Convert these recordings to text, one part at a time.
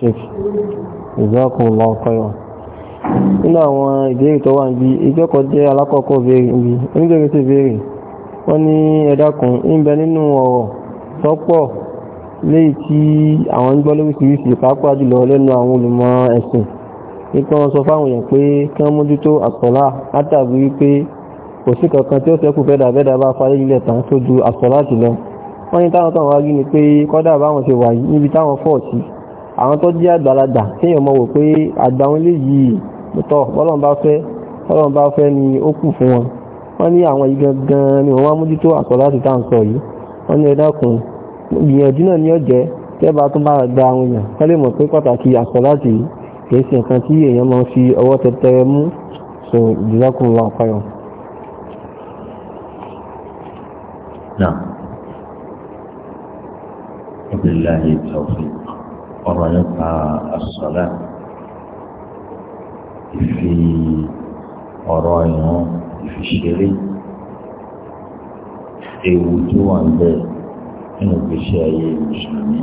sheikh jazakumullahu khairan nínú àwọn ìbéèrè tó wà ń bí ìjọ́kọ̀ jẹ́ alákọ̀ọ́kọ́ béèrè ń bí oníbèrè sì béèrè wọ́n ní ẹ̀dàkùn ń bẹ nínú ọ̀rọ̀ tọ́pọ̀ léyìí tí àwọn ń gbọ́ lóríṣiríṣi pàápàá jùlọ lẹ́nu àwọn olùmọ̀ ẹ̀sìn nípa wọn sọ fáwọn èèyàn pé kí wọ́n mójútó àsọ̀lá látàbí wípé kò sí kankan tí ó ṣẹ́kù fẹ́dà bẹ́dà bá parí ilẹ̀ tán tó ju àsọ̀lá jùlọ wọ́n ní táwọn táwọn wá rí ni pé kọ́dà báwọn ṣe wà níbi táwọn fọ́ọ̀tì àwọn tó jẹ́ àgbàlagbà kéèyàn mọ̀ wò pé àgbà wọn lè yìí tọ́ bọ́lọ́n bá fẹ́ bọ́lọ́n bá fẹ́ ni ó kù fún wọn wọ́n ní àwọn yìí gangan ni wọ́n wá mójútó àsọ̀ láti tá à ń sọ yìí wọ́n ní ẹ̀dákun gbìyànjú náà ní ọ̀jẹ́ tẹ́bà tó bá gba àwọn èèyàn kọ́ lè mọ̀ pé pàtàkì àsọ̀ láti kìí ṣe nǹkan tí èèyàn máa fi ọwọ́ tẹtẹrẹ mú so ìdílákùn wa ọ̀páyọ̀. نعم وبالله التوفيق ọ̀rọ̀ nípa àṣọlá ìfi ọ̀rọ̀ ìran ìfiṣeré ewu tó wà ń bẹ nínú ìgbésí ayé mùsùlùmí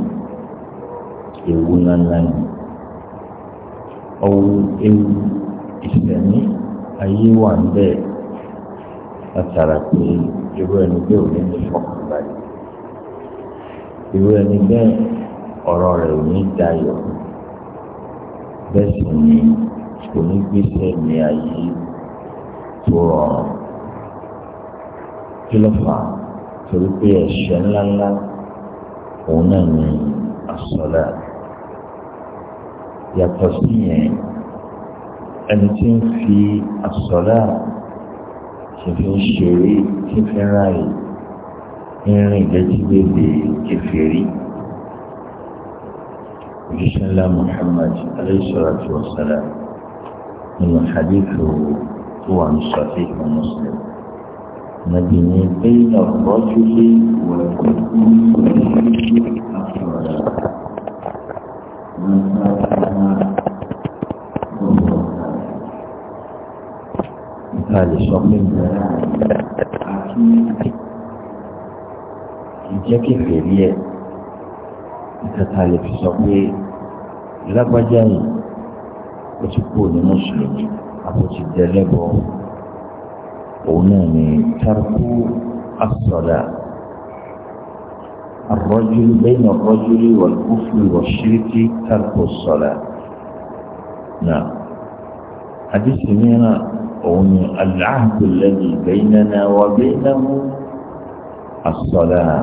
ewu ńláńlá ni ọwọ́ ewu ìsẹ̀mí ayé wà ń bẹ látara pé irú ẹni bẹ́ẹ̀ ò ní ní fọkànbalẹ̀ irú ẹni bẹ́ẹ̀ ọ̀rọ̀ rẹ̀ ò ní dayọ̀ bẹ́ẹ̀ sì ni kò ní gbèsè ní ayé tó rọrùn kí ló fà á torí pé ẹ̀ṣẹ̀ ńláńlá òun náà ni àsọlá yàtọ̀ sí yẹn ẹni tí ń fi àsọlá tí fi ń ṣeré tí fi ń ráàyè ń rìn létí bèbè kẹfẹ́ بسم الله محمد عليه الصلاة والسلام من الحديث هو عن الصحيح ومسلم مدينة بين الرجل والكفر lágbájá yìí ó ti kú ní mùsùlùmí àbòtí dẹlẹbọ òun náà ní tarku asọdà الرجل بين الرجل والكفر والشرك ترك الصلاة نعم حديث مينا العهد الذي بيننا وبينه الصلاة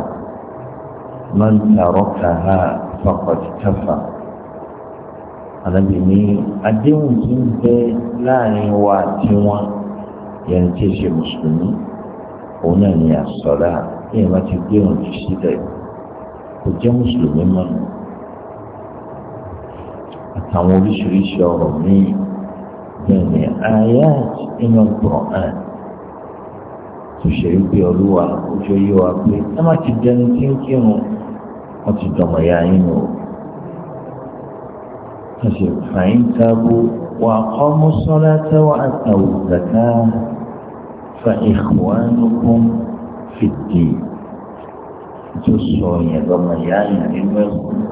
من تركها فقد كفر ànábì ní àdéhùn tí ń bẹ láàrin wa àti wọn yẹn tí ì ṣe mùsùlùmí òun náà ní àsọlá ní ìwà ti déhùn jù sílẹ̀ kò jẹ́ mùsùlùmí mọ́ àtàwọn oríṣiríṣi ọ̀rọ̀ míì bẹ́ẹ̀ ni àyà inú Kùránì tó ṣe é pé olúwa ojú yóò pé ẹ má ti dẹni tí ń ti dọ̀mọ̀ ya yín o. تجب فإن تابوا وأقاموا الصلاة وأتوا الزكاة فإخوانكم في الدين تسعون يضم يعين المسلم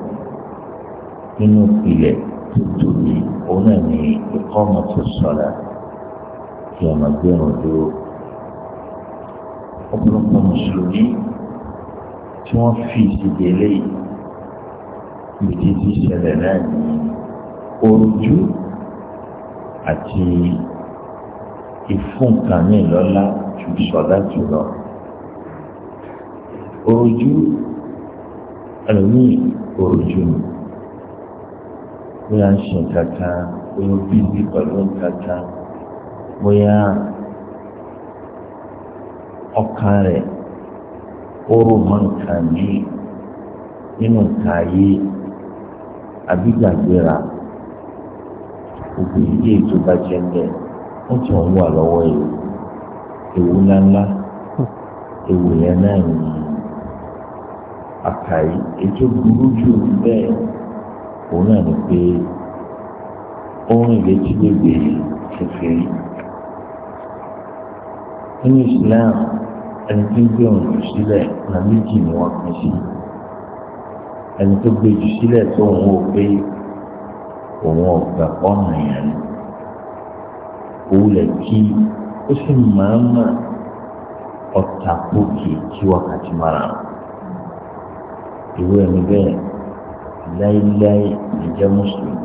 إنه إلى تبتدي أولاني إقامة الصلاة كما مدين ọ̀pọ̀lọpọ̀ mùsùlùmí tí wọ́n fi ìsìnkú eléyìí ìdí ti تُوَفِّي fi isinku eleyii idi ojú àti ìfúnkàmí lọ́lá ju sọ̀dá jùlọ. Ojú ẹlòmíì ojú ni. Bóyá ń ṣe nǹkan kan, bóyá ó bíbí pẹ̀lú nǹkan kan, bóyá ọkàn rẹ̀ ó rò nǹkan yìí nínú nǹkan yìí àbí òkè yíyé tó bá jẹ́ ńlẹ̀ wọ́n ti ń wà lọ́wọ́ yìí ewu ńláńlá ewu yẹn náà ní àkàrí ètò burú jù bẹ́ẹ̀ òun náà ni pé orin létí gbègbè kékeré nínú Islam ẹni tó gbé òun jù sílẹ̀ náà méjì ni wọ́n pín sí ẹni tó gbé jù sílẹ̀ tó ń wò pé òun ọ̀gá ọ̀nà yẹn ni òun lè kí ó sì máa ma ọ̀tà pòkì kí wákàtí mara ìwé ẹni bẹ́ẹ̀ láíláí ìjẹ́ mùsùlùmí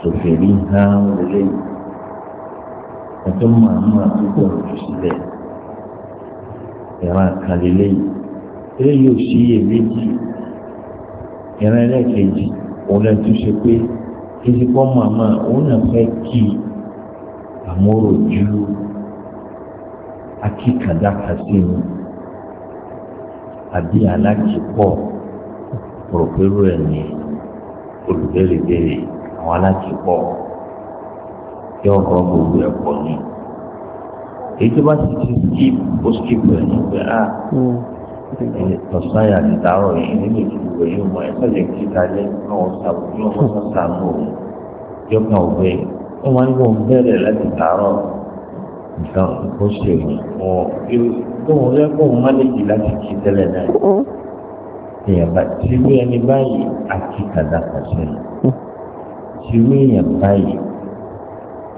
tòfèrí hàn lélẹ́yìn ẹjọ́ máa ma púpọ̀ jù sílẹ̀ ìran kan lélẹ́yìn eléyìí ò sí iyèméjì ìran ẹlẹ́ẹ̀kejì òun lẹ́nu tó ṣe pé ìsìnkú màmá òun náà fẹ́ kí àmúròjú akíkàdákàsí ni àbí alájìpọ̀ rògbèrò ẹ̀ ní olùbẹ̀rẹ̀bẹ̀rẹ̀ àwọn alájìpọ̀ yóò rọ gbogbo ẹ̀ pọ̀ ni èyí tó bá ti ti skip ó skip ẹ̀ nígbà á. Ah, hmm sọ̀sáyà ti dárọ̀ yìí nínú ìdìbò yìí mọ̀ ẹ́ sọ̀jẹ̀ kí ìdájẹ́ náà sàbò yóò mọ̀ sọ̀ sàmù yóò kàn ó gbé wọ́n ń gbọ́n bẹ̀rẹ̀ láti dárọ̀ nǹkan kó ṣe wọn tóun rẹ kó má lè jì láti kí tẹ́lẹ̀ náà èèyàn bá tìrú ẹni báyìí àti kàdàkà sẹ́yìn tìrú èèyàn báyìí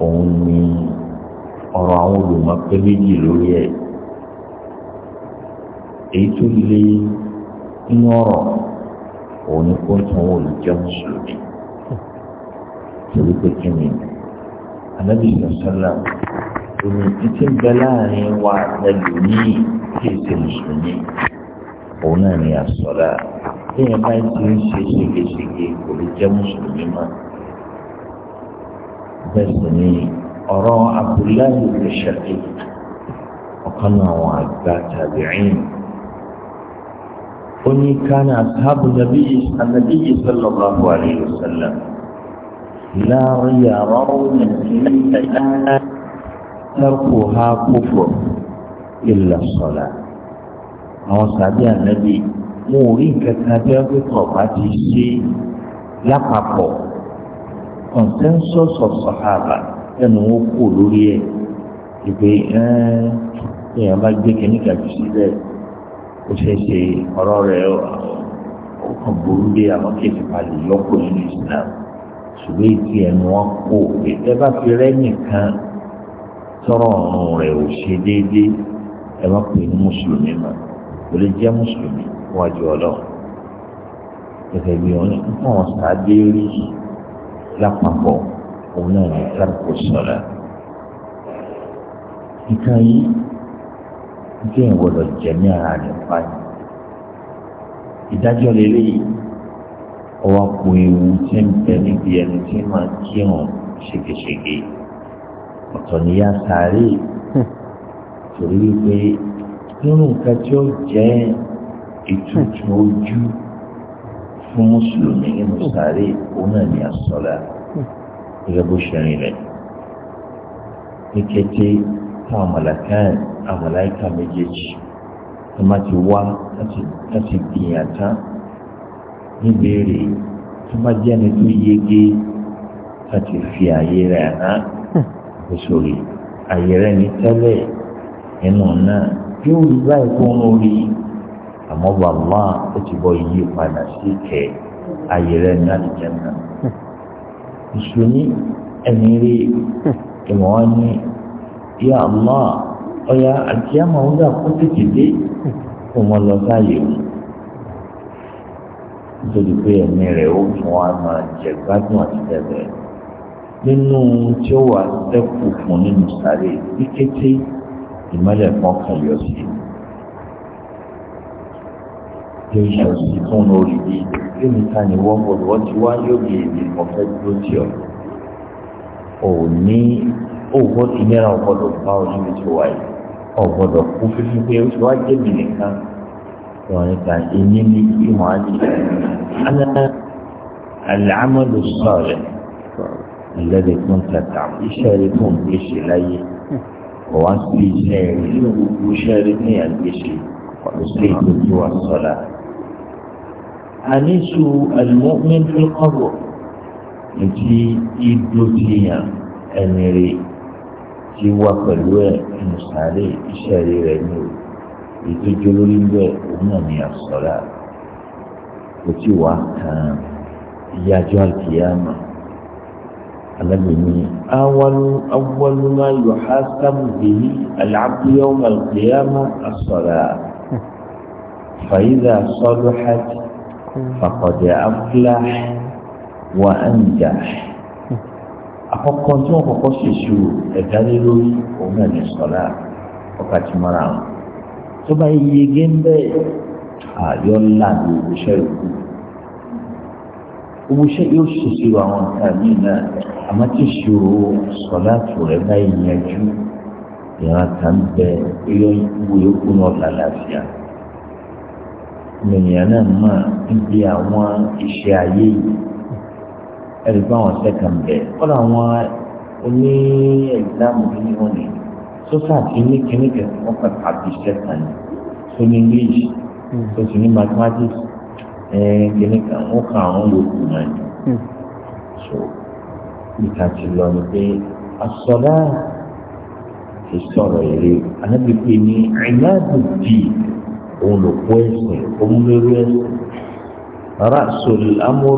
òun ni ọ̀rọ̀ àwọn olùmọ̀ pé méjì lórí ẹ̀ èyí tó lé nínú ọ̀rọ̀ òun ni kó sanwó olùjẹ́ mùsùlùmí torí pé kí ni anábì sọ̀sọ́lá omi títí ń bẹ láàrin wa lẹ́lò ní kí èsì mùsùlùmí òun náà ni àsọ̀lá bí ẹ bá ń ṣe ṣégeṣége kò lè jẹ́ mùsùlùmí mọ́ bẹ́ẹ̀ sì ni ọ̀rọ̀ abdullahi olùṣèké ọ̀kan náà àwọn àgbà tàbí ẹ̀yìn ó ní kánà àbábù nàbí ànàbí sallallahu alayhi wa sallam láàrin yàrá òun ìlànà tẹ́kù ha kúfọ̀ ìlà sọ̀lá àwọn sàbí ànàbí wọn ò rí bí wọ́n bá ti ṣe lápapọ̀ consensus of sahaba ẹnu wọn kú lórí ẹ̀ ìpè ẹ̀ ẹ̀ ẹ̀ bá gbé kẹ́míkà jù sílẹ̀ ó ṣe ṣe ọ̀rọ̀ rẹ̀ ó kàn burú dé àwọn kéèké balẹ̀ yọkọ̀ nínú islam ṣùgbọ́n ìtì ẹnu wọn kò ẹ bá fi rẹ́ nìkan tọrọ ọ̀run rẹ̀ ò ṣe déédéé ẹ má pè ní mùsùlùmí mọ́ kò lè jẹ́ mùsùlùmí wájú ọlọ́run gẹ́gẹ́ bí wọn fún wọn sáadé rí lápapọ̀ òun náà ní kárìkò sọ̀rọ̀ nǹkan yìí tí ń gbọdọ̀ jẹ ní ara rẹ̀ fáyì ìdájọ́ lélẹ́yìí ọwọ́ kò ewu tí ń bẹ níbi ẹni tí máa kírun ṣègeṣège ọ̀tọ̀ níyà sáré hmm. torí wípé nínú nǹkan tí ó jẹ́ ìtútù ojú fún mùsùlùmí nínú sáré òun náà ní àsọlá hmm. gẹ́gẹ́ bó ṣe rìn rẹ̀ ní kété táwọn mọ̀lákàn àmọ̀láìkà méjèèjì ẹ má ti wá láti gbìyànjá níbèrè tó bá jẹ́ ẹni tó yege láti fi àyè rẹ̀ hàn òṣòrè àyè rẹ̀ ní tẹ́lẹ̀ nínú náà yóò rí báyìí kó ń rí àmọ́ bàbá ó ti bọ́ yí padà sí kẹ̀ àyè rẹ̀ ní àlùjẹ́ náà. ìṣòní ẹni rí ìmọ̀ wọn ní ya Allah ọ̀yà àti àmọ̀ ọ̀gá kó tètè dé kó wọn lọ sáàyè o nítorí pé ẹ̀mí rẹ̀ ó fún wa máa jẹ gbádùn àti bẹ̀rẹ̀ nínú tí ó wà sẹ́kù fún nínú sáré ní kété ìmọ́lẹ̀ kan kan yọ sí i yóò yọ sí fún orí bí yóò ká ní wọ́n bọ̀ wọ́n ti wá yóò bí èdè ọ̀fẹ́ tó ti ọ̀ ò ní òwò ìnira ọ̀gbọ́dọ̀ bá ọ níbi tí ó wáyé ọ̀gbọ́dọ̀ kú fífi pé ó ti nípa èyí ní ìmọ̀ àdì aláàmọ́lò sọ̀rẹ̀ ìlẹ́dẹ̀ tó ń tàtà iṣẹ́ rẹ̀ tó ń gbèsè láyé ọ̀wá sí iṣẹ́ rẹ̀ ní gbogbo iṣẹ́ rẹ̀ ní àgbèsè ọ̀dọ̀sílẹ̀ tó ti wà ni sọ̀rọ̀ àníṣu àlùmọ́mí tó kọ̀rọ̀ ètí ìdó ti wa sọ́la. anisu alumomi ẹni rèé. tí wà pẹ̀lú ẹ̀ nínú sáré iṣẹ́ rí rẹ̀ ní o ètò ìtọ́jú ń bẹ òun náà ní àsọ̀rà kò tí wàá kan ìyájọ́ àkìyàmà alábìíní awalu awalu ma yọ ha sábù bìí alábìyà ọmọ àkìyàmà àsọ̀rà fàyídà sọlù hajj fàkọ̀dẹ̀ afúláhì wà á ń jà. àkọ́kọ́ tí wọ́n kọ́kọ́ ṣèṣù ẹ̀dá lé lórí òun náà ní sọ́lá ọkàtí mọ́ra wọn tó bá yẹ géńbẹ́ àyọ́ ńlá ní ìṣẹ́ ìlú owó iṣẹ́ yóò ṣèṣirò àwọn nǹkan yìí náà àmọ́ tí ìṣòro sọ̀lá tó rẹ̀ bá yanjú ìran kan bẹ yọ ìwé yòókù náà lálàáfíà ènìyàn náà mọ̀ níbi àwọn iṣẹ́ ayé yìí ẹ̀rí pé àwọn ọ̀sẹ̀ kan bẹ̀ kọ́lá àwọn oní ẹ̀gbáàmù tó ní wọ́n ní sọ́sà kìíní kìíní kẹsì wọ́n pẹ̀ pàbí sẹ́sà ni tó ní english tó hmm. sì ní mathematics kìíní kan wọ́n kà àwọn yòókù náà ni hmm. so ìka ti lọ ni pé asọ́dá ìsọ̀rọ̀ èrè anábìpé ní ìlàdùdì òun ló kó òun lórí ẹ̀sìn rasul amur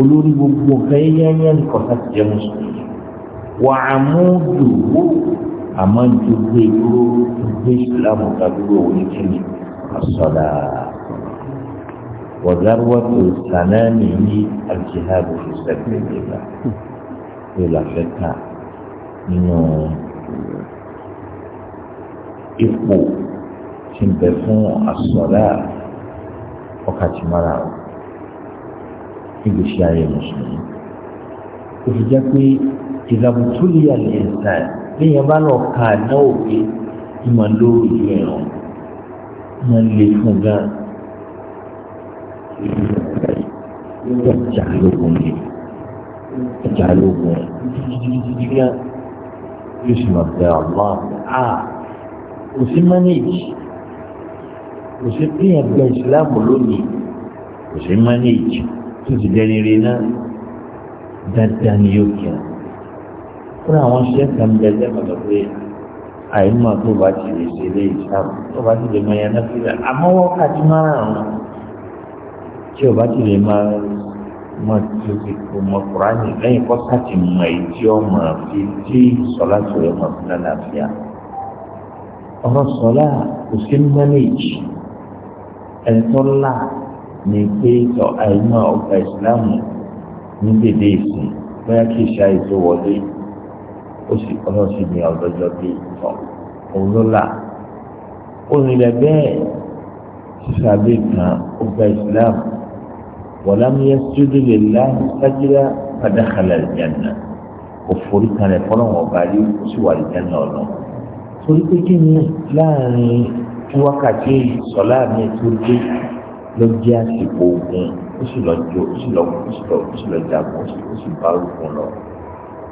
olórí gbogbo nǹkan yẹ́yẹ́ ní kọ̀ọ̀kan ti jẹ́ mùsùlùmí wà á mú dùwó àmọ́ ju gbé dúró gbé ìsìlámù kàdúró oníkìlì àsọ̀dà wọ̀dáwọ́tò sànáàmì ní àjìhàbù ìṣẹ̀lẹ̀ ìjọba tó làfẹ́ ká nínú ipò tí ń bẹ fún àsọ̀dà ọkàtìmọ́ra wọn ìgbésí ayé mùsùlùmí ó fi jẹ́ pé ìlàbùtúlì àlẹ́sà léèyàn bá lọ ka àdáwò pé ìmọ̀ ló ìlú ẹ̀rọ máa ń le fún gan ọjà lógun ni ọjà lógun yóò sì máa bẹ ọ̀la à kò sí manage kò sí pé ẹgbẹ́ ìsìlámù lónìí kò sí manage tó sì dẹni rí náà dáadáa ni yóò kí ọ fún àwọn ṣẹ́ kan bẹ́ẹ̀ lọ́dọ̀ pé àìmọ̀ tó bá ti lè ṣe ilé ìsáàmù tó bá ti lè máa yan náà fílẹ̀ àmọ́ wákàtí márùn-ún tí o bá ti lè máa mọ tí o ti kó mọ kúránì lẹ́yìn kọ́ sáàtì mọ èyí tí ó mọ̀ fi tí sọlá tó yẹ fún lálàáfíà ọ̀rọ̀ sọlá kò sí mọ́nẹ́jì ẹ̀ńtọ́ láà ni pé sọ àìmọ̀ ọgbà ìsìláàmù ní dèdè ìsìn bóyá kì í ṣe àìsàn wọlé ó sì ọlọ́run sì ní ọ̀dọ́jọ́ bí ìtọ̀ òun ló là onírẹ̀ bẹ́ẹ̀ sísàbẹ̀ kan ọgbà ìsìláàmù wọ̀lámúyẹ́ sódìlẹ̀ láti sájúdá padà kalẹ̀ ìjànà kò forí kalẹ̀ fọlọ́wọ́n ọba rí ó sì wà ìjànà ọ̀nà torí pé kí ni láàrin wákàtí sọlá mi tó dé ló jẹ́ àsìkò ogun ó sì lọ jó ó sì lọ ó sì lọ ó sì lọ jagun ó sì bá ogun lọ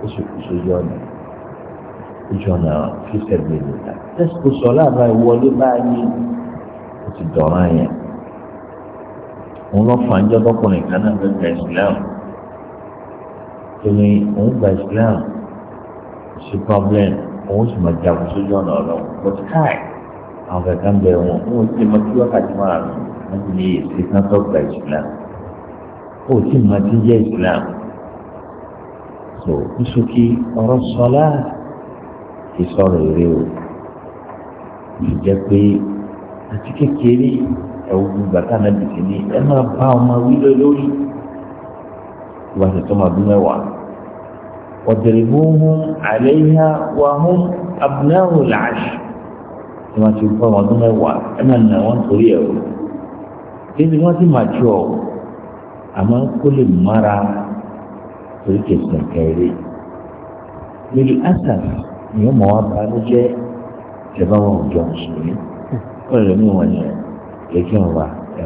ó sì kú sójú ọ̀nà ojú ọ̀nà fífẹ̀gbẹ̀ nìta tẹ́sítò sọ̀lá àbá ìwọlé báyìí ó ti dọ̀rọ̀ yẹn òun lọ fà ń jọ lọkùnrin kan náà fẹ́ gba Islam torí òun gba Islam kò sí problem òun sì máa jagun sójú ọ̀nà ọ̀lọ́wọ́ but káì àwọn kankan bẹ̀rẹ̀ wọn òun ti máa kí wákàtí máa rùn láti lè ṣe kán tó gba islam ó sì máa ti jẹ́ islam so níṣókí ọ̀rọ̀ sọlá ti sọ̀rọ̀ eré o ìjẹ́ pé àti kékeré ẹ̀wù bàtà náà bìtì ní ẹ máa bá ọmọ wílé lórí wọ́n ti tó máa dún mẹ́wàá ọ̀dẹ̀rẹ̀gbóhùn àlẹ́yà wà hún abúláhùn làásì wọ́n ti kọ́ ọmọ ọdún mẹ́wàá ẹ̀ máa nà wọ́n torí ẹ̀ o ebi wọn ti màjọ àmọ́ kó lè mara torí kẹsàn kẹrẹ lórí asa ni wọn mọ wọn bá ló jẹ ìjọba wọn ò jọ mùsùlùmí wọn lè mú wọn yẹn lẹkẹ wọn wà ẹ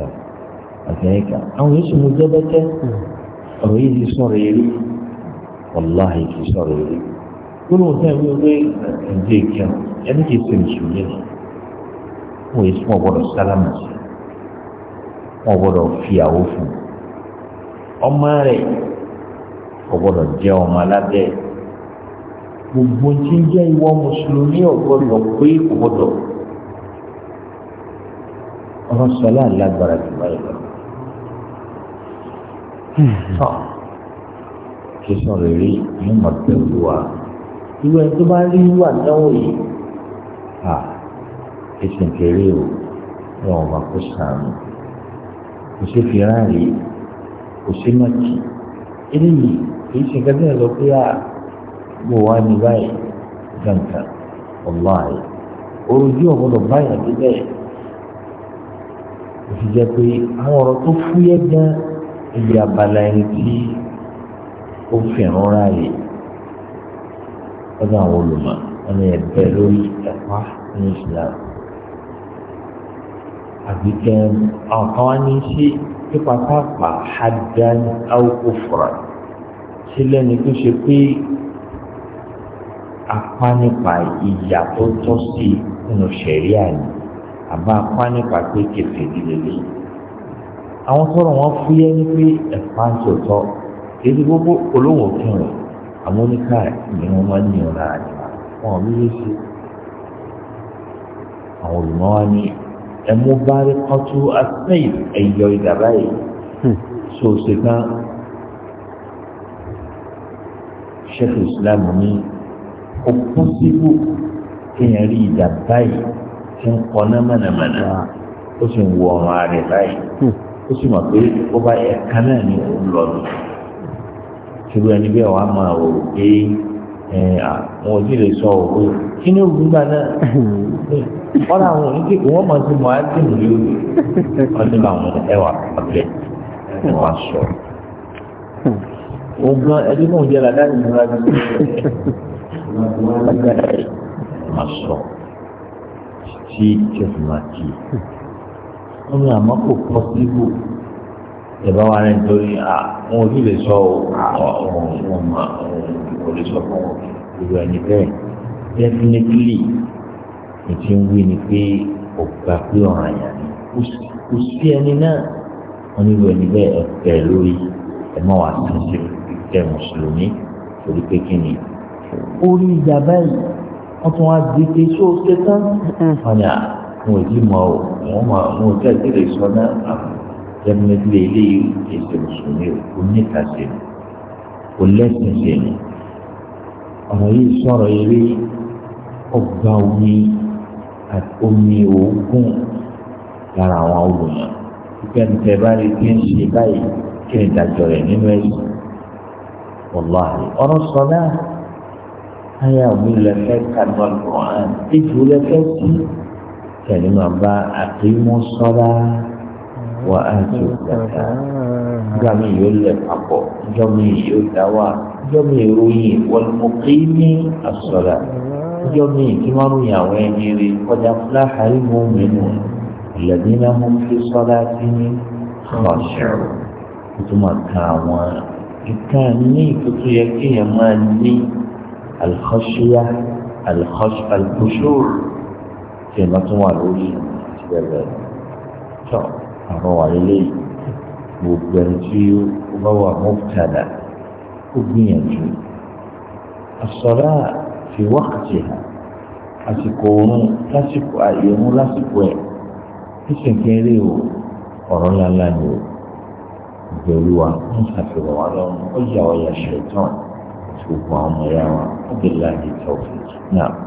àtẹnìkà àwọn yóò sì mú jẹbẹtẹ ọ̀rọ̀ yìí ti sọ̀rọ̀ yẹrí wàláhì ti sọ̀rọ̀ yẹrí kúrò sẹ wí pé ẹnjẹ kẹ ẹni kì í ṣe mùsùlùmí wọn yìí sún ọgbọdọ sálámù sí wọn gbọ́dọ̀ fìyàwó fún ọmọ rẹ̀ kò gbọ́dọ̀ jẹ́ ọmọ alábẹ gbogbo tí ń jẹ́ ìwọ mùsùlùmí ọgbọdọ pé kò gbọ́dọ̀ ọ̀rọ̀ sọlá lágbára jù báyìí lọ tọ kí sọ̀rọ̀ rí ní mọtẹlú wa ìwé tó bá rí wà dáwọ yìí à kí sìnkèrè o wọn ò kó sàánù kò ṣe fìrààrí kò ṣe mọ̀tì eléyìí kì í ṣe gẹ́gẹ́ lọ pé à mo wá ní báyìí gankan ọláì orojú ọ̀gbọ́dọ̀ báyìí àti bẹ́ẹ̀ kò sì jẹ́ pé àwọn ọ̀rọ̀ tó fúyẹ́ gan ibi abala ẹni tí ó fẹ̀ràn ráàyè lọ́dọ̀ àwọn olùmọ̀ wọn ni ẹ̀bẹ̀ lórí ẹ̀pá ní ìsìlámù àbí gan àwọn kan wá ní ṣe pípa pàápàá hadan awoko fura ṣe lẹ́ni tó ṣe pé apá nípa ìyà tó tọ́ sí nínú ṣẹ̀ríà ni àbá apá nípa pé kẹfẹ́ lílele àwọn tọrọ wọn fúyẹ́ ní pé ẹ̀fà ń sòtọ́ èyí gbogbo olówó fún àwọn oníkà ni wọ́n máa ń yàn lára nípa wọn ò ní lè ṣe àwọn olùmọ́ ní ẹ̀mú bá rí kọ́tú asẹ́yìn ẹ̀yọ ìdàbá yìí so ṣèkan sheikh islam ní ó pọ́sibú kéèyàn rí ìdàbá yìí tí ń kọ́ná mọ̀nàmọ́ná ó sì ń wọ ọ̀run ààrẹ báyìí ó sì mọ̀ pé ó bá ẹ̀ka náà ní òun lọ́dún ṣùgbọ́n ẹni bẹ́ẹ̀ wàá máa wò ó pé àwọn òbí lè sọ òwe kí ni òbí gbà náà wọn làwọn òní kékeré wọn máa ti mọ àti ìlú wọn ti bá àwọn ẹwà ọbẹ ẹwà sọ ogun ẹbí mò ń jẹ ládàá ìlú láti máa sọ tí tí o fi máa kí wọn ni àmọ́ kò pọ sí ibò ẹ̀bá wa rẹ̀ nítorí àwọn ojú lè sọ ọ̀hún máa ò lè sọ fún ìlú ẹni bẹ́ẹ̀ definitely ètí ń wí ni pé ọ̀gá pé ọ̀ràn yà ni kò sí ẹni náà wọn nílò ẹni bẹ́ẹ̀ ẹ̀fẹ́ lórí ẹ̀ mọ́ wá sí ṣe kẹ́ mùsùlùmí torí pé kí ni orí ìjà báyìí wọ́n tún wá di pé ṣó ṣe tán wọn ni àwọn ìdí mọ́ ọ wọn ò tẹ̀sí lè sọ náà dẹ́mẹ́bílẹ̀ eléyìí èso mùsùlùmí o kò níta sí i kò lẹ́sìn sí i ọ̀rọ̀ yìí sọ̀rọ̀ eré ọgbà omi omi òògùn lára àwọn olùmọ̀ pípẹ́ nípa bá rí bí ń ṣe báyìí kí ni ìdájọ́ rẹ̀ nínú ẹ̀sìn wàláhì ọ̀rọ̀ sọ̀dá ayé àwọn ìlẹ̀fẹ́ kàdúrà lọ́wọ́ àti ìjù sí tẹ̀lé bá àti mú sọ́dá. wà á tó dàda nígbà míì yóò lẹ̀ papọ̀ níjọ́ míì yóò dá wà níjọ́ míì ròyìn wal-muqimi as-salat níjọ́ míì kí wọ́n ròyìn àwọn ẹni rẹ̀ kọjá fúláhà ìmọ̀ mẹ́nu alladhina hum fi salatihim khashi'un ìtumọ̀ kan àwọn ìkan ní ìtútù yẹ kéèyàn máa ní alkhashya alkhash alkhushur tí ẹ̀ máa tún wà lórí ìbẹ̀rẹ̀ tọ́. àrọwà lélẹ́yìí gbogbo ẹni tí ó bá wà mọ́tàdà ó gbìyànjú àsọ̀rá fi wákàtí hàn àsìkò oorun lásìkò àyẹ̀wò lásìkò ẹ̀ kíṣìn kéré o ọ̀rọ̀ ńláńlá ni o ìbẹ̀rù wa ń ṣàfihàn wa lọ́rùn ó yà ọ́ yà ṣẹ̀tàn ẹ̀yà wa ó bẹ̀rẹ̀ láti tọ́ fún un náà.